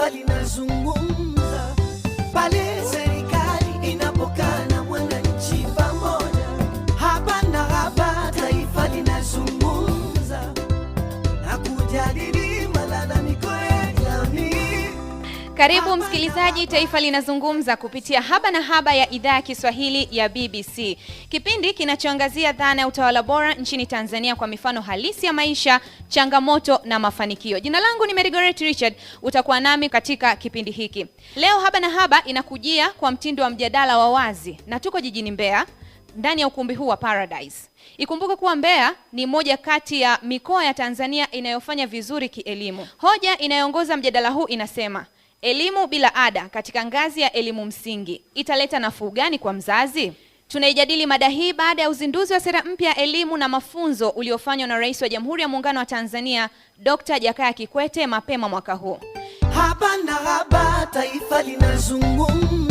bali nazungumza Karibu msikilizaji, Taifa Linazungumza kupitia Haba na Haba ya idhaa ya Kiswahili ya BBC, kipindi kinachoangazia dhana ya utawala bora nchini Tanzania kwa mifano halisi ya maisha, changamoto na mafanikio. Jina langu ni merigoret Richard, utakuwa nami katika kipindi hiki leo. Haba na Haba inakujia kwa mtindo wa mjadala wa wazi na tuko jijini Mbeya ndani ya ukumbi huu wa Paradise. Ikumbuke kuwa Mbeya ni moja kati ya mikoa ya Tanzania inayofanya vizuri kielimu. Hoja inayoongoza mjadala huu inasema Elimu bila ada katika ngazi ya elimu msingi italeta nafuu gani kwa mzazi? Tunaijadili mada hii baada ya uzinduzi wa sera mpya ya elimu na mafunzo uliofanywa na Rais wa Jamhuri ya Muungano wa Tanzania Dr. Jakaya Kikwete mapema mwaka huu. Haba na haba, taifa linazungumza.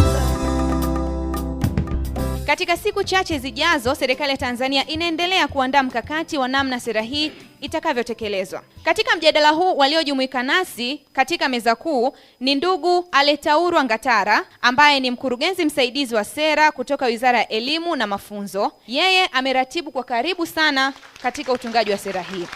Katika siku chache zijazo, serikali ya Tanzania inaendelea kuandaa mkakati wa namna sera hii itakavyotekelezwa. Katika mjadala huu waliojumuika nasi katika meza kuu ni ndugu Aletaurwa Ngatara ambaye ni mkurugenzi msaidizi wa sera kutoka Wizara ya Elimu na Mafunzo. Yeye ameratibu kwa karibu sana katika utungaji wa sera hii.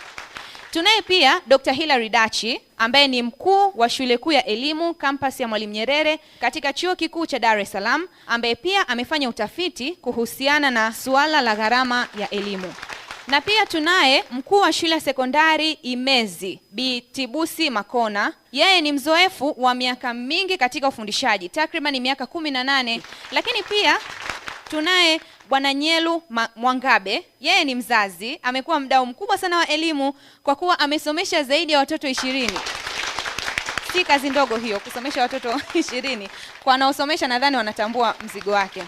Tunaye pia Dr. Hilary Dachi ambaye ni mkuu wa shule kuu ya elimu kampasi ya Mwalimu Nyerere katika chuo kikuu cha Dar es Salaam ambaye pia amefanya utafiti kuhusiana na suala la gharama ya elimu na pia tunaye mkuu wa shule ya sekondari Imezi Bi Tibusi Makona. Yeye ni mzoefu wa miaka mingi katika ufundishaji, takriban miaka kumi na nane, lakini pia tunaye Bwana Nyelu Mwangabe, yeye ni mzazi, amekuwa mdau mkubwa sana wa elimu kwa kuwa amesomesha zaidi ya watoto ishirini. Si kazi ndogo hiyo kusomesha watoto ishirini. Kwa wanaosomesha nadhani wanatambua mzigo wake.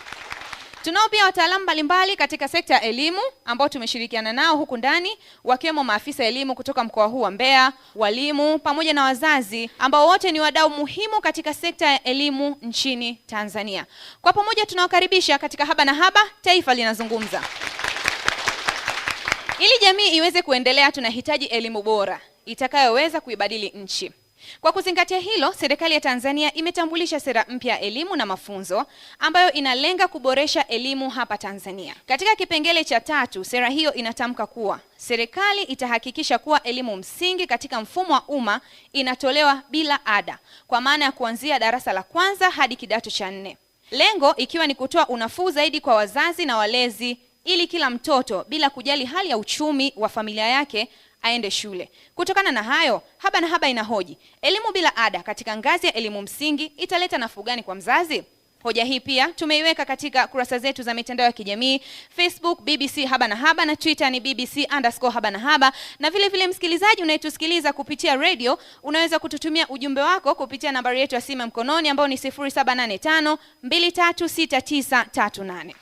Tunao pia wataalamu mbalimbali katika sekta ya elimu ambao tumeshirikiana nao huku ndani, wakiwemo maafisa elimu kutoka mkoa huu wa Mbeya, walimu pamoja na wazazi ambao wote ni wadau muhimu katika sekta ya elimu nchini Tanzania. Kwa pamoja tunawakaribisha katika Haba na Haba, Taifa Linazungumza. Ili jamii iweze kuendelea, tunahitaji elimu bora itakayoweza kuibadili nchi. Kwa kuzingatia hilo, serikali ya Tanzania imetambulisha sera mpya ya elimu na mafunzo ambayo inalenga kuboresha elimu hapa Tanzania. Katika kipengele cha tatu, sera hiyo inatamka kuwa serikali itahakikisha kuwa elimu msingi katika mfumo wa umma inatolewa bila ada, kwa maana ya kuanzia darasa la kwanza hadi kidato cha nne, lengo ikiwa ni kutoa unafuu zaidi kwa wazazi na walezi ili kila mtoto bila kujali hali ya uchumi wa familia yake aende shule. Kutokana na hayo, Haba na Haba inahoji elimu bila ada katika ngazi ya elimu msingi italeta nafuu gani kwa mzazi? Hoja hii pia tumeiweka katika kurasa zetu za mitandao ya kijamii Facebook BBC Haba na Haba na Twitter ni BBC underscore Haba na Haba, na vile vile, msikilizaji unayetusikiliza kupitia radio, unaweza kututumia ujumbe wako kupitia nambari yetu ya simu ya mkononi ambayo ni 0785236938.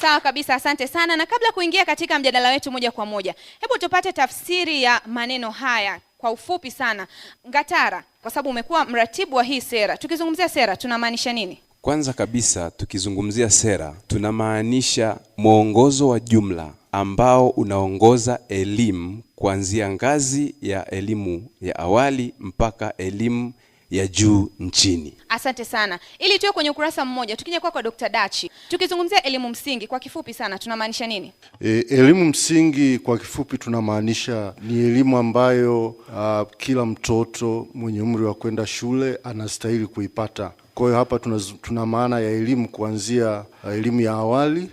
Sawa kabisa, asante sana. Na kabla kuingia katika mjadala wetu moja kwa moja, hebu tupate tafsiri ya maneno haya kwa ufupi sana. Ngatara, kwa sababu umekuwa mratibu wa hii sera, tukizungumzia sera tunamaanisha nini? Kwanza kabisa tukizungumzia sera tunamaanisha mwongozo wa jumla ambao unaongoza elimu kuanzia ngazi ya elimu ya awali mpaka elimu ya juu nchini. Asante sana. Ili tuwe kwenye ukurasa mmoja, tukija kwako Dr. Dachi, tukizungumzia elimu msingi kwa kifupi sana tunamaanisha nini? E, elimu msingi kwa kifupi tunamaanisha ni elimu ambayo a, kila mtoto mwenye umri wa kwenda shule anastahili kuipata. Kwa hiyo hapa tuna, tuna maana ya elimu kuanzia elimu ya awali,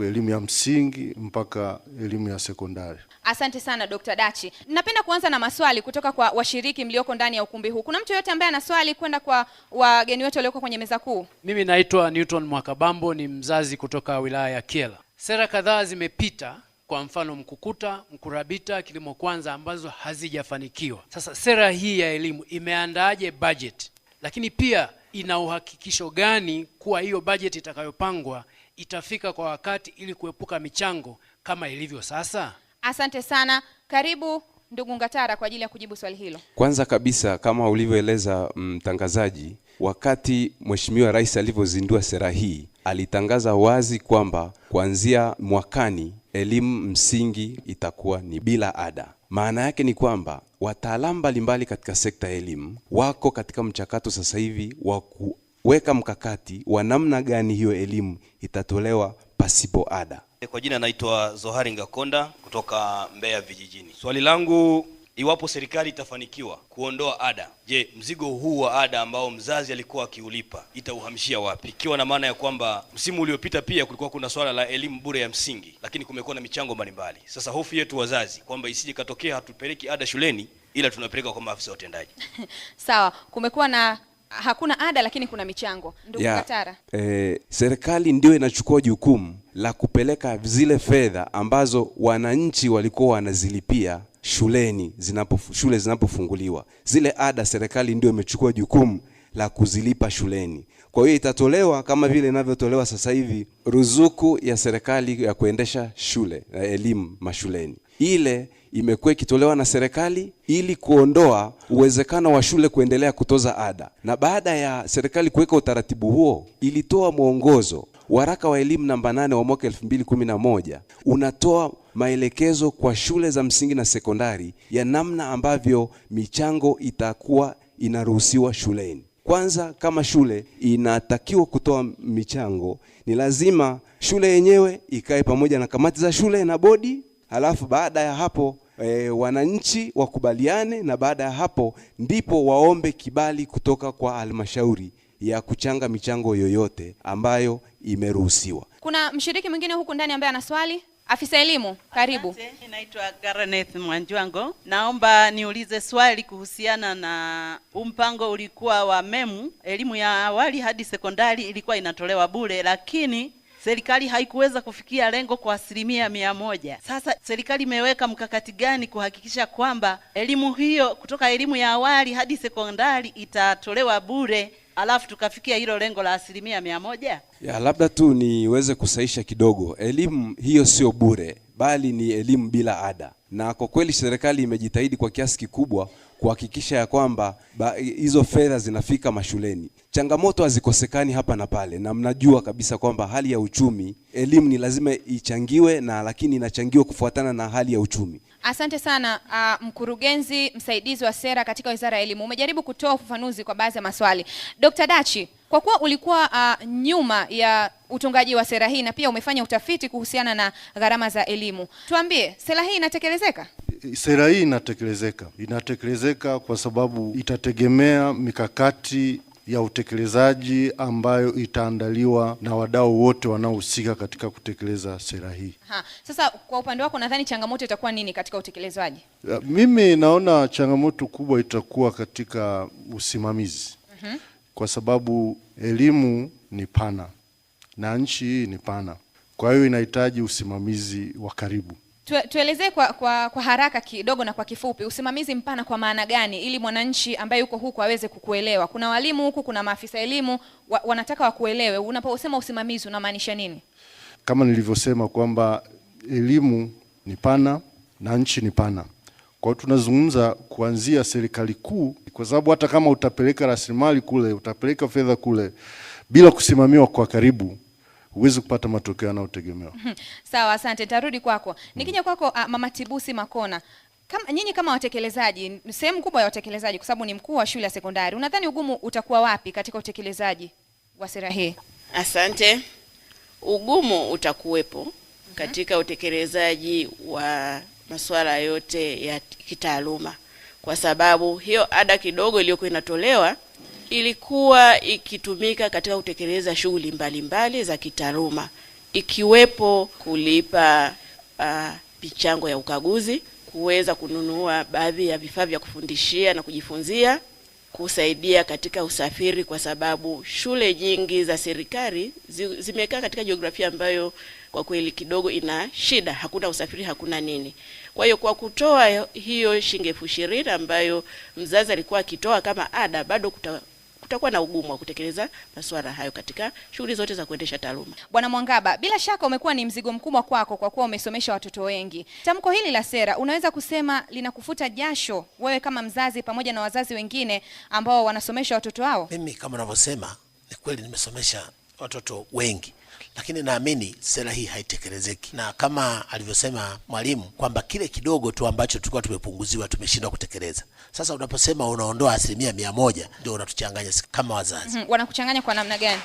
elimu ya msingi mpaka elimu ya sekondari. Asante sana Dr. Dachi. Napenda kuanza na maswali kutoka kwa washiriki mlioko ndani ya ukumbi huu. Kuna mtu yeyote ambaye ana swali kwenda kwa wageni wetu walioko kwenye meza kuu? Mimi naitwa Newton Mwakabambo, ni mzazi kutoka wilaya ya Kyela. Sera kadhaa zimepita kwa mfano Mkukuta, Mkurabita, Kilimo Kwanza ambazo hazijafanikiwa. Sasa sera hii ya elimu imeandaaje budget? Lakini pia ina uhakikisho gani kuwa hiyo budget itakayopangwa itafika kwa wakati ili kuepuka michango kama ilivyo sasa? Asante sana. Karibu ndugu Ngatara kwa ajili ya kujibu swali hilo. Kwanza kabisa kama ulivyoeleza mm, mtangazaji, wakati Mheshimiwa Rais alivyozindua sera hii alitangaza wazi kwamba kuanzia mwakani elimu msingi itakuwa ni bila ada. Maana yake ni kwamba wataalamu mbalimbali katika sekta ya elimu wako katika mchakato sasa hivi wa kuweka mkakati wa namna gani hiyo elimu itatolewa pasipo ada. Kwa jina naitwa Zohari Ngakonda kutoka Mbeya vijijini. Swali langu iwapo serikali itafanikiwa kuondoa ada, je, mzigo huu wa ada ambao mzazi alikuwa akiulipa itauhamishia wapi? Ikiwa na maana ya kwamba msimu uliopita pia kulikuwa kuna swala la elimu bure ya msingi, lakini kumekuwa na michango mbalimbali. Sasa hofu yetu wazazi kwamba isije katokea hatupeleki ada shuleni, ila tunapeleka kwa maafisa watendaji. Sawa, kumekuwa na hakuna ada lakini kuna michango. Ndugu yeah, Katara. Eh, serikali ndio inachukua jukumu la kupeleka zile fedha ambazo wananchi walikuwa wanazilipia shuleni zinapo, shule zinapofunguliwa zile ada, serikali ndio imechukua jukumu la kuzilipa shuleni. Kwa hiyo itatolewa kama vile inavyotolewa sasa hivi ruzuku ya serikali ya kuendesha shule na eh, elimu mashuleni ile imekuwa ikitolewa na serikali ili kuondoa uwezekano wa shule kuendelea kutoza ada, na baada ya serikali kuweka utaratibu huo ilitoa mwongozo waraka wa elimu namba nane wa mwaka 2011 unatoa maelekezo kwa shule za msingi na sekondari ya namna ambavyo michango itakuwa inaruhusiwa shuleni. Kwanza, kama shule inatakiwa kutoa michango, ni lazima shule yenyewe ikae pamoja na kamati za shule na bodi, halafu baada ya hapo e, wananchi wakubaliane, na baada ya hapo ndipo waombe kibali kutoka kwa halmashauri ya kuchanga michango yoyote ambayo imeruhusiwa. Kuna mshiriki mwingine huku ndani ambaye ana swali. Afisa elimu, karibu. Naitwa Gareth Mwanjwango, naomba niulize swali kuhusiana na umpango ulikuwa wa memu, elimu ya awali hadi sekondari ilikuwa inatolewa bure, lakini serikali haikuweza kufikia lengo kwa asilimia mia moja. Sasa serikali imeweka mkakati gani kuhakikisha kwamba elimu hiyo kutoka elimu ya awali hadi sekondari itatolewa bure alafu tukafikia hilo lengo la asilimia mia moja? Ya, labda tu niweze kusaisha kidogo, elimu hiyo sio bure, bali ni elimu bila ada, na kwa kweli serikali imejitahidi kwa kiasi kikubwa kuhakikisha ya kwamba hizo fedha zinafika mashuleni. Changamoto hazikosekani hapa na pale, na mnajua kabisa kwamba hali ya uchumi, elimu ni lazima ichangiwe na lakini inachangiwa kufuatana na hali ya uchumi. Asante sana uh, mkurugenzi msaidizi wa sera katika Wizara ya Elimu, umejaribu kutoa ufafanuzi kwa baadhi ya maswali. Dr. Dachi, kwa kuwa ulikuwa uh, nyuma ya utungaji wa sera hii na pia umefanya utafiti kuhusiana na gharama za elimu, tuambie sera hii inatekelezeka? sera hii inatekelezeka, inatekelezeka kwa sababu itategemea mikakati ya utekelezaji ambayo itaandaliwa na wadau wote wanaohusika katika kutekeleza sera hii. Ha, sasa kwa upande wako nadhani changamoto itakuwa nini katika utekelezaji? Mimi naona changamoto kubwa itakuwa katika usimamizi. Mm -hmm. Kwa sababu elimu ni pana na nchi hii ni pana, kwa hiyo inahitaji usimamizi wa karibu. Tuelezee kwa, kwa, kwa haraka kidogo na kwa kifupi usimamizi mpana kwa maana gani, ili mwananchi ambaye yuko huku aweze kukuelewa. Kuna walimu huku, kuna maafisa elimu wa, wanataka wakuelewe. Unaposema usimamizi unamaanisha nini? Kama nilivyosema kwamba elimu ni pana na nchi ni pana, kwa hiyo tunazungumza kuanzia serikali kuu, kwa sababu hata kama utapeleka rasilimali kule, utapeleka fedha kule bila kusimamiwa kwa karibu huwezi kupata matokeo yanayotegemewa. Mhm. Sawa, asante. Tarudi kwako mm. nikija kwako uh, Mama Tibusi Makona kama, nyinyi kama watekelezaji, sehemu kubwa ya watekelezaji, kwa sababu ni mkuu wa shule ya sekondari, unadhani ugumu utakuwa wapi katika utekelezaji wa sera hii? Asante. Ugumu utakuwepo mhm. katika utekelezaji wa masuala yote ya kitaaluma, kwa sababu hiyo ada kidogo iliyokuwa inatolewa ilikuwa ikitumika katika kutekeleza shughuli mbalimbali za kitaaluma ikiwepo kulipa uh, michango ya ukaguzi, kuweza kununua baadhi ya vifaa vya kufundishia na kujifunzia, kusaidia katika usafiri, kwa sababu shule nyingi za serikali zi, zimekaa katika jiografia ambayo kwa kweli kidogo ina shida, hakuna usafiri, hakuna nini. Kwa hiyo kwa kutoa hiyo shilingi elfu ishirini ambayo mzazi alikuwa akitoa kama ada, bado kuta kutakuwa na ugumu wa kutekeleza masuala hayo katika shughuli zote za kuendesha taaluma. Bwana Mwangaba, bila shaka umekuwa ni mzigo mkubwa kwako kwa kuwa umesomesha watoto wengi. Tamko hili la sera unaweza kusema linakufuta jasho wewe kama mzazi pamoja na wazazi wengine ambao wanasomesha watoto wao? Mimi kama unavyosema, ni kweli nimesomesha watoto wengi lakini naamini sera hii haitekelezeki, na kama alivyosema mwalimu kwamba kile kidogo tu ambacho tulikuwa tumepunguziwa tumeshindwa kutekeleza. Sasa unaposema unaondoa asilimia mia moja ndio unatuchanganya kama wazazi. Mm -hmm. Wanakuchanganya kwa namna gani?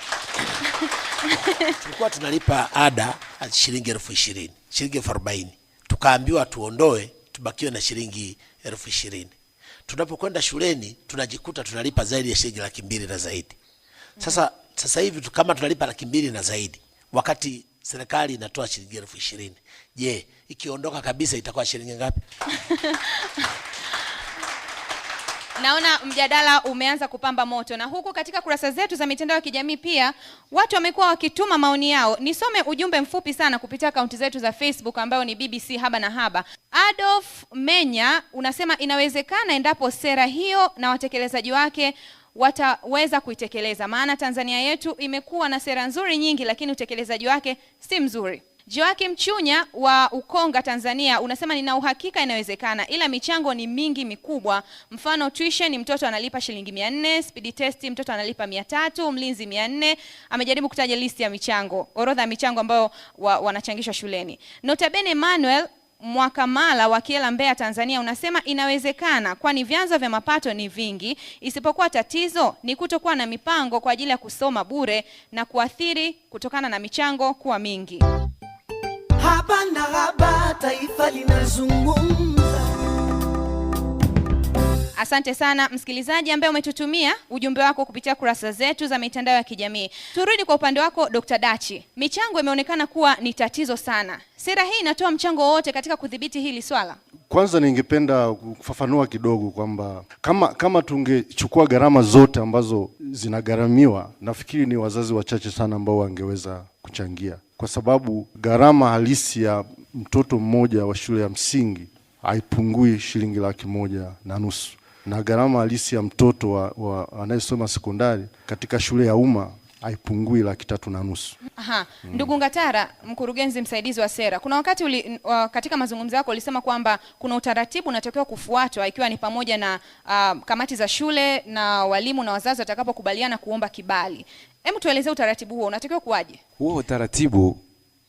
tulikuwa tunalipa ada shilingi elfu ishirini shilingi elfu arobaini tukaambiwa tuondoe, tubakiwe na shilingi elfu ishirini Tunapokwenda shuleni tunajikuta tunalipa zaidi ya shilingi laki mbili na zaidi. Sasa mm -hmm sasa hivi kama tunalipa laki mbili na zaidi, wakati serikali inatoa shilingi elfu ishirini. Je, ikiondoka kabisa itakuwa shilingi ngapi? Naona mjadala umeanza kupamba moto, na huku katika kurasa zetu za mitandao ya kijamii pia watu wamekuwa wakituma maoni yao. Nisome ujumbe mfupi sana kupitia akaunti zetu za Facebook ambayo ni BBC Haba na Haba. Adolf Menya unasema inawezekana endapo sera hiyo na watekelezaji wake wataweza kuitekeleza, maana Tanzania yetu imekuwa na sera nzuri nyingi, lakini utekelezaji wake si mzuri. Joakim Chunya wa Ukonga Tanzania unasema nina uhakika inawezekana, ila michango ni mingi mikubwa. Mfano, tuition mtoto analipa shilingi mia nne, speed test mtoto analipa mia tatu, mlinzi mia nne. Amejaribu kutaja listi ya michango, orodha ya michango ambayo wa, wanachangishwa shuleni. Notabene Manuel Mwakamala wa Kiela, Mbeya, Tanzania unasema inawezekana, kwani vyanzo vya mapato ni vingi, isipokuwa tatizo ni kutokuwa na mipango kwa ajili ya kusoma bure na kuathiri kutokana na michango kuwa mingi. Haba na haba, taifa linazungumza. Asante sana msikilizaji ambaye umetutumia ujumbe wako kupitia kurasa zetu za mitandao ya kijamii. Turudi kwa upande wako Dr. Dachi. Michango imeonekana kuwa ni tatizo sana. Sera hii inatoa mchango wowote katika kudhibiti hili swala? Kwanza ningependa kufafanua kidogo kwamba kama kama tungechukua gharama zote ambazo zinagharamiwa, nafikiri ni wazazi wachache sana ambao wangeweza kuchangia, kwa sababu gharama halisi ya mtoto mmoja wa shule ya msingi haipungui shilingi laki moja na nusu na gharama halisi ya mtoto wa, wa, anayesoma sekondari katika shule ya umma haipungui laki tatu na nusu. Aha. Mm. Ndugu Ngatara, mkurugenzi msaidizi wa sera, kuna wakati uli, uh, katika mazungumzo yako ulisema kwamba kuna utaratibu unatakiwa kufuatwa ikiwa ni pamoja na uh, kamati za shule na walimu na wazazi watakapokubaliana kuomba kibali. Hebu tueleze utaratibu huo unatakiwa kuwaje? Huo utaratibu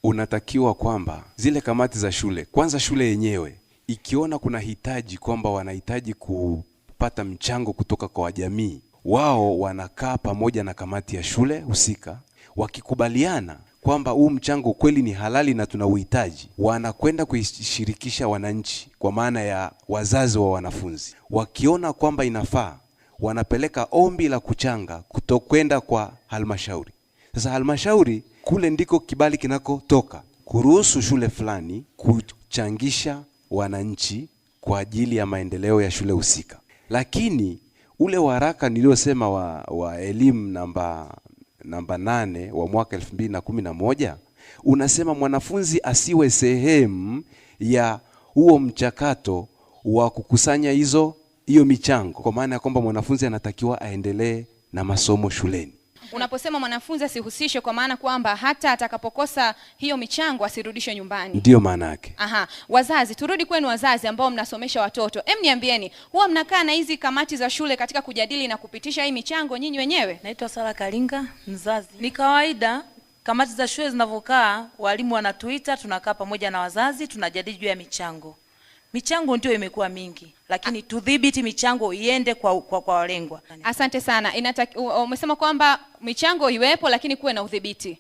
unatakiwa kwamba zile kamati za shule, kwanza shule yenyewe ikiona kuna hitaji kwamba wanahitaji ku kupata mchango kutoka kwa jamii. Wao wanakaa pamoja na kamati ya shule husika, wakikubaliana kwamba huu mchango kweli ni halali na tuna uhitaji, wanakwenda kuishirikisha wananchi, kwa maana ya wazazi wa wanafunzi. Wakiona kwamba inafaa, wanapeleka ombi la kuchanga kutokwenda kwa halmashauri. Sasa halmashauri kule ndiko kibali kinakotoka kuruhusu shule fulani kuchangisha wananchi kwa ajili ya maendeleo ya shule husika. Lakini ule waraka niliosema wa, wa elimu namba namba nane wa mwaka elfu mbili na kumi na moja unasema mwanafunzi asiwe sehemu ya huo mchakato wa kukusanya hizo hiyo michango, kwa maana ya kwamba mwanafunzi anatakiwa aendelee na masomo shuleni. Unaposema mwanafunzi asihusishwe, kwa maana kwamba hata atakapokosa hiyo michango asirudishwe nyumbani, ndio maana yake. Aha, wazazi, turudi kwenu wazazi ambao mnasomesha watoto, em, niambieni, huwa mnakaa na hizi kamati za shule katika kujadili na kupitisha hii michango nyinyi wenyewe? Naitwa Sara Kalinga, mzazi. Ni kawaida kamati za shule zinavyokaa, walimu wanatuita, tunakaa pamoja na wazazi, tunajadili juu ya michango Michango ndio imekuwa mingi, lakini tudhibiti michango iende kwa, kwa, kwa walengwa. Asante sana. Umesema kwamba michango iwepo, lakini kuwe na udhibiti.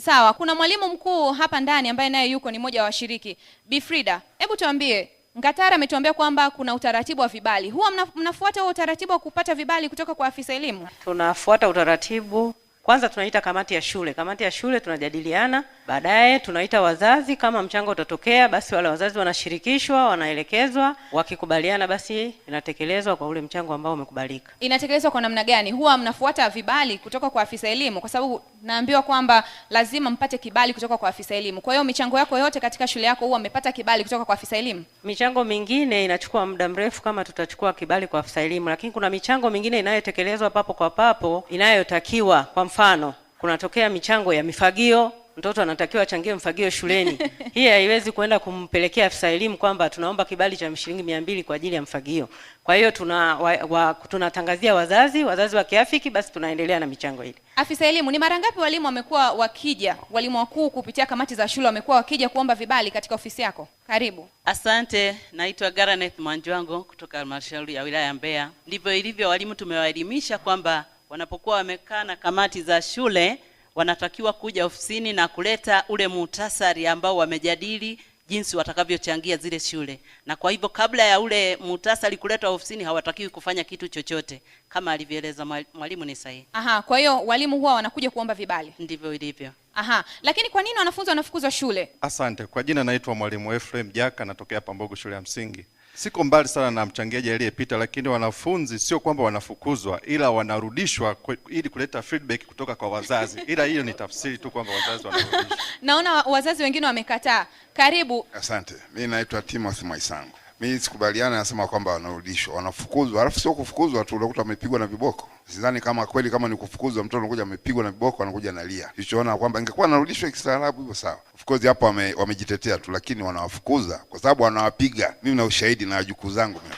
Sawa, kuna mwalimu mkuu hapa ndani ambaye naye yuko ni mmoja wa washiriki. Bi Frida, hebu tuambie, Ngatara ametuambia kwamba kuna utaratibu wa vibali, huwa mnafuata huo utaratibu wa kupata vibali kutoka kwa afisa elimu? Tunafuata utaratibu, kwanza tunaita kamati ya shule. Kamati ya shule tunajadiliana Baadaye tunaita wazazi, kama mchango utatokea, basi wale wazazi wanashirikishwa, wanaelekezwa, wakikubaliana, basi inatekelezwa kwa ule mchango ambao umekubalika. Inatekelezwa kwa namna gani? Huwa mnafuata vibali kutoka kwa afisa elimu? Kwa sababu naambiwa kwamba lazima mpate kibali kutoka kwa afisa elimu. Kwa hiyo michango yako yote katika shule yako huwa mmepata kibali kutoka kwa afisa elimu? Michango mingine inachukua muda mrefu kama tutachukua kibali kwa afisa elimu, lakini kuna michango mingine inayotekelezwa papo kwa papo inayotakiwa. Kwa mfano, kunatokea michango ya mifagio mtoto anatakiwa achangie mfagio shuleni. Hii haiwezi kwenda kumpelekea afisa elimu kwamba tunaomba kibali cha shilingi mia mbili kwa ajili ya mfagio. Kwa hiyo tuna wa, wa, tunatangazia wazazi, wazazi wa kiafiki, basi tunaendelea na michango ile. Afisa elimu, ni mara ngapi walimu wamekuwa wakija, walimu wakuu kupitia kamati za shule wamekuwa wakija kuomba vibali katika ofisi yako? Karibu. Asante, naitwa Garaneth Mwanjwango kutoka halmashauri ya wilaya ya Mbeya. Ndivyo ilivyo, walimu tumewaelimisha kwamba wanapokuwa wamekaa na kamati za shule wanatakiwa kuja ofisini na kuleta ule muhtasari ambao wamejadili jinsi watakavyochangia zile shule, na kwa hivyo kabla ya ule muhtasari kuletwa ofisini hawatakiwi kufanya kitu chochote, kama alivyoeleza mwalimu. Ni sahihi? Aha, kwa hiyo walimu huwa wanakuja kuomba vibali, ndivyo ilivyo. Aha, lakini kwa nini wanafunzi wanafukuzwa shule? Asante. Kwa jina naitwa mwalimu Ephraim Jaka, natokea Pambogo shule ya msingi siko mbali sana na mchangiaji aliyepita, lakini wanafunzi sio kwamba wanafukuzwa, ila wanarudishwa ili kuleta feedback kutoka kwa wazazi, ila hiyo ni tafsiri tu kwamba wazazi wanarudishwa. Naona wazazi wengine wamekataa. Karibu. Asante. Mimi naitwa Timothy Mwaisango. Mimi sikubaliana nasema kwamba wanarudishwa, wanafukuzwa. Alafu sio kufukuzwa tu, unakuta wamepigwa na viboko Sidhani kama kweli, kama ni kufukuzwa, mtoto anakuja amepigwa na viboko, anakuja analia. Nilichoona kwamba ingekuwa anarudishwa kistaarabu hivyo sawa. Of course hapo wame, wamejitetea tu, lakini wanawafukuza kwa sababu wanawapiga. Mimi na ushahidi na wajukuu zangu mimi.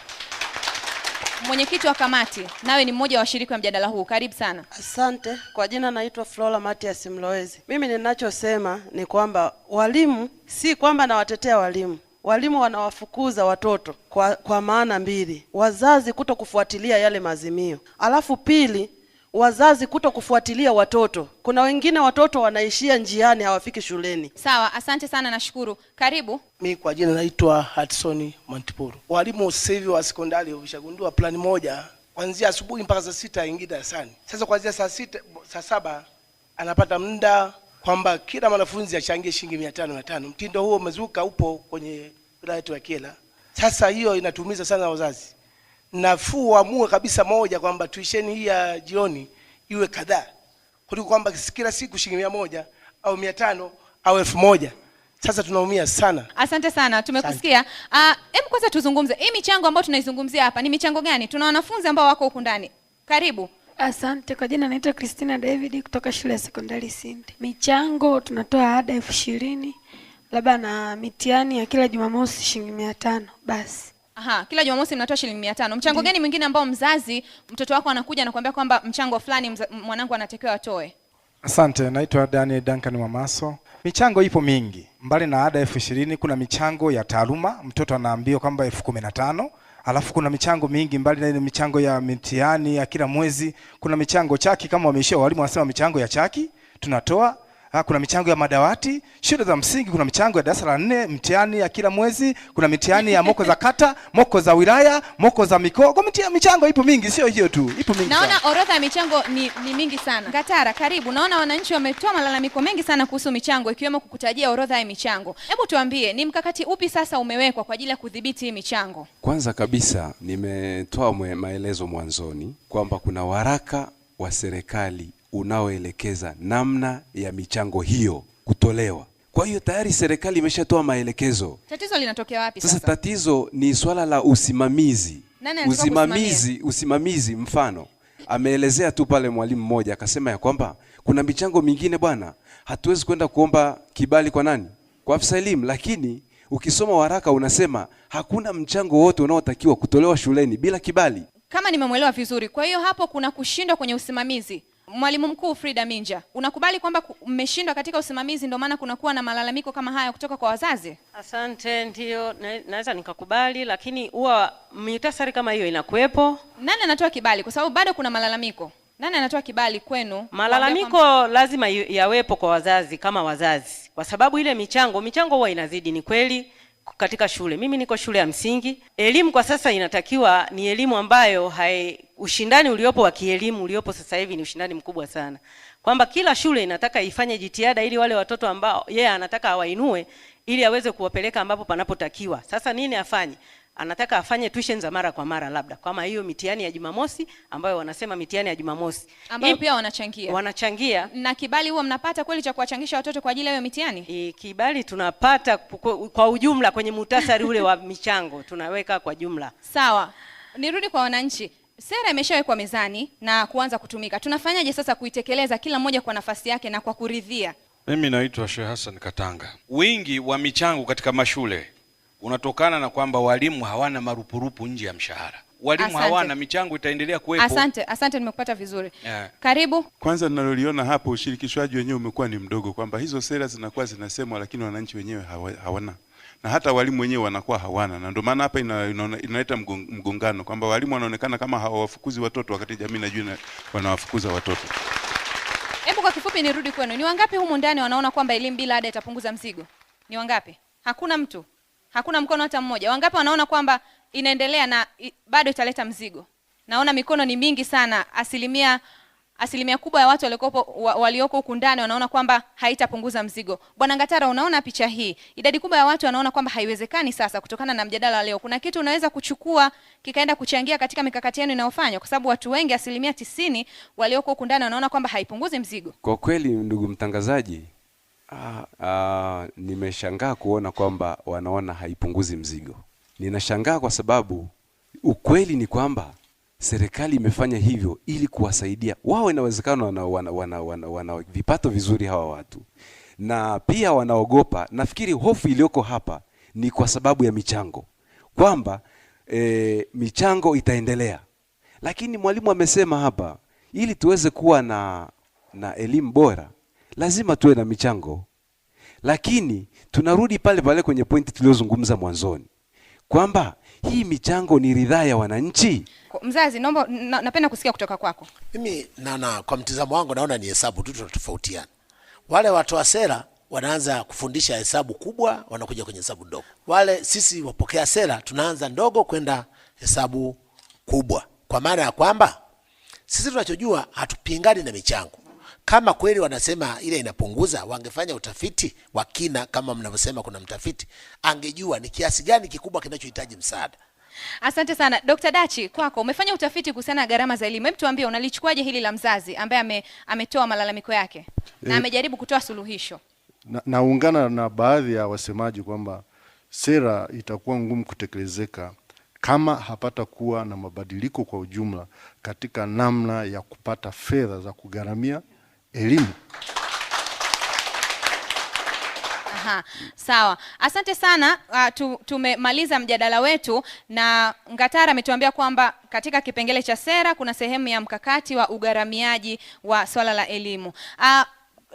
Mwenyekiti wa kamati, nawe ni mmoja wa washiriki wa mjadala huu, karibu sana. Asante. Kwa jina naitwa Flora Matias Mloezi. Mimi ninachosema ni kwamba walimu, si kwamba nawatetea walimu Walimu wanawafukuza watoto kwa, kwa maana mbili: wazazi kuto kufuatilia yale maazimio, alafu pili wazazi kuto kufuatilia watoto. Kuna wengine watoto wanaishia njiani, hawafiki shuleni. Sawa, asante sana, nashukuru. Karibu. Mi kwa jina naitwa Hatsoni Mwantipuru. Walimu sehivi wa sekondari wameshagundua plani moja, kwanzia asubuhi mpaka saa sita aingie darasani. Sasa kwanzia saa sita saa saba anapata muda kwamba kila mwanafunzi achangie shilingi mia tano mia tano. Mtindo huo umezuka, upo kwenye wilaya yetu ya Kyela. Sasa hiyo inatumiza sana wazazi, nafuu waamue kabisa moja kwamba tuisheni hii ya jioni iwe kadhaa kuliko kwamba kila siku shilingi mia moja au mia tano au elfu moja. Sasa tunaumia sana. Asante sana, tumekusikia. Ah, hebu kwanza tuzungumze hii michango ambayo tunaizungumzia hapa, ni michango gani? Tuna wanafunzi ambao wako huku ndani, karibu. Asante kwa jina, naitwa Christina David kutoka shule ya sekondari Sindi. Michango tunatoa ada elfu ishirini labda na mitihani ya kila Jumamosi shilingi mia tano basi. Aha, kila Jumamosi mnatoa shilingi mia tano. Mchango mm-hmm. gani mwingine ambao mzazi mtoto wako anakuja na kuambia kwamba mchango fulani mwanangu anatakiwa atoe? Asante, naitwa Daniel Duncan Mwamaso. Michango ipo mingi, mbali na ada elfu ishirini kuna michango ya taaluma, mtoto anaambiwa kwamba elfu kumi na tano Alafu kuna michango mingi mbali na ile michango ya mitiani ya kila mwezi, kuna michango chaki. Kama wameishia walimu, wanasema michango ya chaki tunatoa kuna michango ya madawati shule za msingi, kuna michango ya darasa la nne, mtihani ya kila mwezi, kuna mitihani ya moko za kata, moko za wilaya, moko za mikoa. Kwa michango ipo mingi, sio hiyo tu, ipo mingi. Naona orodha ya michango ni, ni mingi sana. Ngatara, karibu. Naona wananchi wametoa malalamiko mengi sana kuhusu michango, ikiwemo kukutajia orodha ya michango. Hebu tuambie, ni mkakati upi sasa umewekwa kwa ajili ya kudhibiti hii michango? Kwanza kabisa nimetoa maelezo mwanzoni kwamba kuna waraka wa serikali unaoelekeza namna ya michango hiyo kutolewa. Kwa hiyo tayari serikali imeshatoa maelekezo. Tatizo linatokea wapi sasa? Sasa tatizo ni swala la usimamizi. Nani usimamizi, usimamizi mfano ameelezea tu pale mwalimu mmoja akasema ya kwamba kuna michango mingine bwana, hatuwezi kwenda kuomba kibali kwa nani? Kwa afisa elimu, lakini ukisoma waraka unasema hakuna mchango wote unaotakiwa kutolewa shuleni bila kibali, kama nimemwelewa vizuri. Kwa hiyo hapo kuna kushindwa kwenye usimamizi. Mwalimu Mkuu Frida Minja, unakubali kwamba mmeshindwa katika usimamizi ndio maana kunakuwa na malalamiko kama haya kutoka kwa wazazi? Asante, ndio naweza nikakubali, lakini huwa mitasari kama hiyo inakuwepo. Nani anatoa kibali? Kwa sababu bado kuna malalamiko. Nani anatoa kibali kwenu? Malalamiko kwa lazima yawepo kwa wazazi, kama wazazi, kwa sababu ile michango michango huwa inazidi, ni kweli katika shule. Mimi niko shule ya msingi, elimu kwa sasa inatakiwa ni elimu ambayo hai ushindani uliopo wa kielimu uliopo sasa hivi ni ushindani mkubwa sana, kwamba kila shule inataka ifanye jitihada ili wale watoto ambao yeye yeah, anataka awainue ili aweze kuwapeleka ambapo panapotakiwa. Sasa nini afanye? Anataka afanye tuition za mara kwa mara, labda kama hiyo mitihani ya Jumamosi ambayo wanasema mitihani ya Jumamosi ambayo pia wanachangia wanachangia. Na kibali huo mnapata kweli cha kuwachangisha watoto kwa ajili ya hiyo mitihani? E, kibali tunapata kwa ujumla kwenye muhtasari ule wa michango tunaweka kwa jumla. Sawa, nirudi kwa wananchi. Sera imeshawekwa mezani na kuanza kutumika. Tunafanyaje sasa kuitekeleza, kila mmoja kwa nafasi yake na kwa kuridhia? Mimi naitwa Sheikh Hassan Katanga. Wingi wa michango katika mashule unatokana na kwamba walimu hawana marupurupu nje ya mshahara. Walimu asante, hawana michango itaendelea kuwepo. Asante, asante, nimekupata vizuri yeah. Karibu. Kwanza ninaloliona hapo, ushirikishwaji wenyewe umekuwa ni mdogo, kwamba hizo sera zinakuwa zinasemwa, lakini wananchi wenyewe hawana na hata walimu wenyewe wanakuwa hawana, na ndio maana hapa inaleta ina, ina mgongano kwamba walimu wanaonekana kama hawawafukuzi watoto wakati jamii najua wanawafukuza watoto. Hebu kwa kifupi nirudi kwenu, ni wangapi humu ndani wanaona kwamba elimu bila ada itapunguza mzigo? Ni wangapi? Hakuna mtu, hakuna mkono hata mmoja. Wangapi wanaona kwamba inaendelea na bado italeta mzigo? Naona mikono ni mingi sana, asilimia asilimia kubwa ya watu walioko walioko huku ndani wanaona kwamba haitapunguza mzigo. Bwana Ngatara, unaona picha hii, idadi kubwa ya watu wanaona kwamba haiwezekani. Sasa kutokana na mjadala leo, kuna kitu unaweza kuchukua kikaenda kuchangia katika mikakati yenu inayofanywa, kwa sababu watu wengi, asilimia tisini walioko huku ndani wanaona kwamba haipunguzi mzigo. Kwa kweli, ndugu mtangazaji, ah, ah, nimeshangaa kuona kwamba wanaona haipunguzi mzigo. Ninashangaa kwa sababu ukweli ni kwamba serikali imefanya hivyo ili kuwasaidia wao. Inawezekana wana, wana, wana, wana, wana vipato vizuri hawa watu, na pia wanaogopa. Nafikiri hofu iliyoko hapa ni kwa sababu ya michango, kwamba e, michango itaendelea, lakini mwalimu amesema hapa, ili tuweze kuwa na na elimu bora lazima tuwe na michango, lakini tunarudi pale pale kwenye pointi tuliyozungumza mwanzoni kwamba hii michango ni ridhaa ya wananchi? Mzazi, naomba na, napenda kusikia kutoka kwako. Mimi na, na kwa mtizamo wangu naona ni hesabu tu tunatofautiana. Wale watu wa sera wanaanza kufundisha hesabu kubwa, wanakuja kwenye hesabu ndogo. Wale sisi wapokea sera tunaanza ndogo kwenda hesabu kubwa, kwa maana ya kwamba sisi tunachojua hatupingani na michango kama kweli wanasema ile inapunguza, wangefanya utafiti wa kina, kama mnavyosema kuna mtafiti, angejua ni kiasi gani kikubwa kinachohitaji msaada. Asante sana Dr. Dachi, kwako umefanya utafiti kuhusiana na gharama za elimu. Hebu tuambie unalichukuaje hili la mzazi ambaye ame, ametoa malalamiko yake na eh, amejaribu kutoa suluhisho. Naungana na, na baadhi ya wasemaji kwamba sera itakuwa ngumu kutekelezeka kama hapata kuwa na mabadiliko kwa ujumla katika namna ya kupata fedha za kugharamia elimu. Aha, sawa, asante sana. Uh, tumemaliza mjadala wetu na Ngatara ametuambia kwamba katika kipengele cha sera kuna sehemu ya mkakati wa ugharamiaji wa swala la elimu. Uh,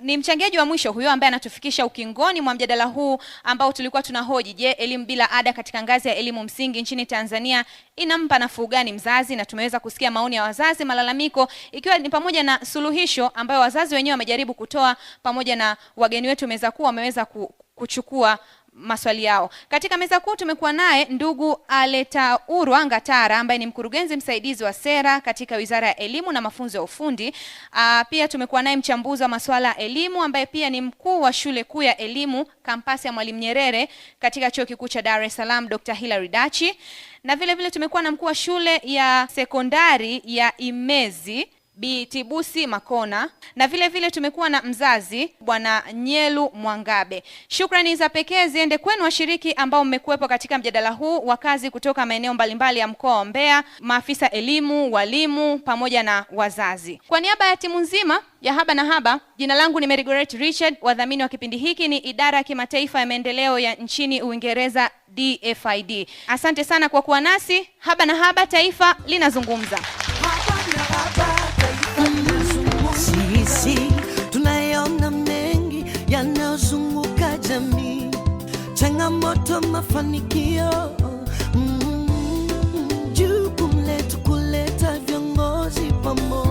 ni mchangiaji wa mwisho huyo ambaye anatufikisha ukingoni mwa mjadala huu ambao tulikuwa tunahoji, je, elimu bila ada katika ngazi ya elimu msingi nchini Tanzania inampa nafuu gani mzazi? Na tumeweza kusikia maoni ya wazazi, malalamiko, ikiwa ni pamoja na suluhisho ambayo wazazi wenyewe wamejaribu kutoa, pamoja na wageni wetu meza kuu wameweza kuchukua maswali yao. Katika meza kuu tumekuwa naye ndugu Aletaurwa Ngatara ambaye ni mkurugenzi msaidizi wa sera katika Wizara ya Elimu na Mafunzo ya Ufundi. Aa, ah, pia tumekuwa naye mchambuzi wa masuala ya elimu ambaye pia ni mkuu wa shule kuu ya elimu kampasi ya Mwalimu Nyerere katika Chuo Kikuu cha Dar es Salaam Dr. Hilary Dachi, na vile vile tumekuwa na mkuu wa shule ya sekondari ya Imezi Bi Tibusi Makona na vile vile tumekuwa na mzazi Bwana Nyelu Mwangabe. Shukrani za pekee ziende kwenu washiriki ambao mmekuwepo katika mjadala huu, wa kazi kutoka maeneo mbalimbali ya mkoa wa Mbeya, maafisa elimu, walimu pamoja na wazazi. Kwa niaba ya timu nzima ya Haba na Haba, jina langu ni Merigoret Richard. Wadhamini wa kipindi hiki ni Idara ya Kimataifa ya Maendeleo ya nchini Uingereza, DFID. Asante sana kwa kuwa nasi. Haba na Haba, taifa linazungumza. changamoto, mafanikio mm -hmm. Jukumu letu kuleta viongozi pamoja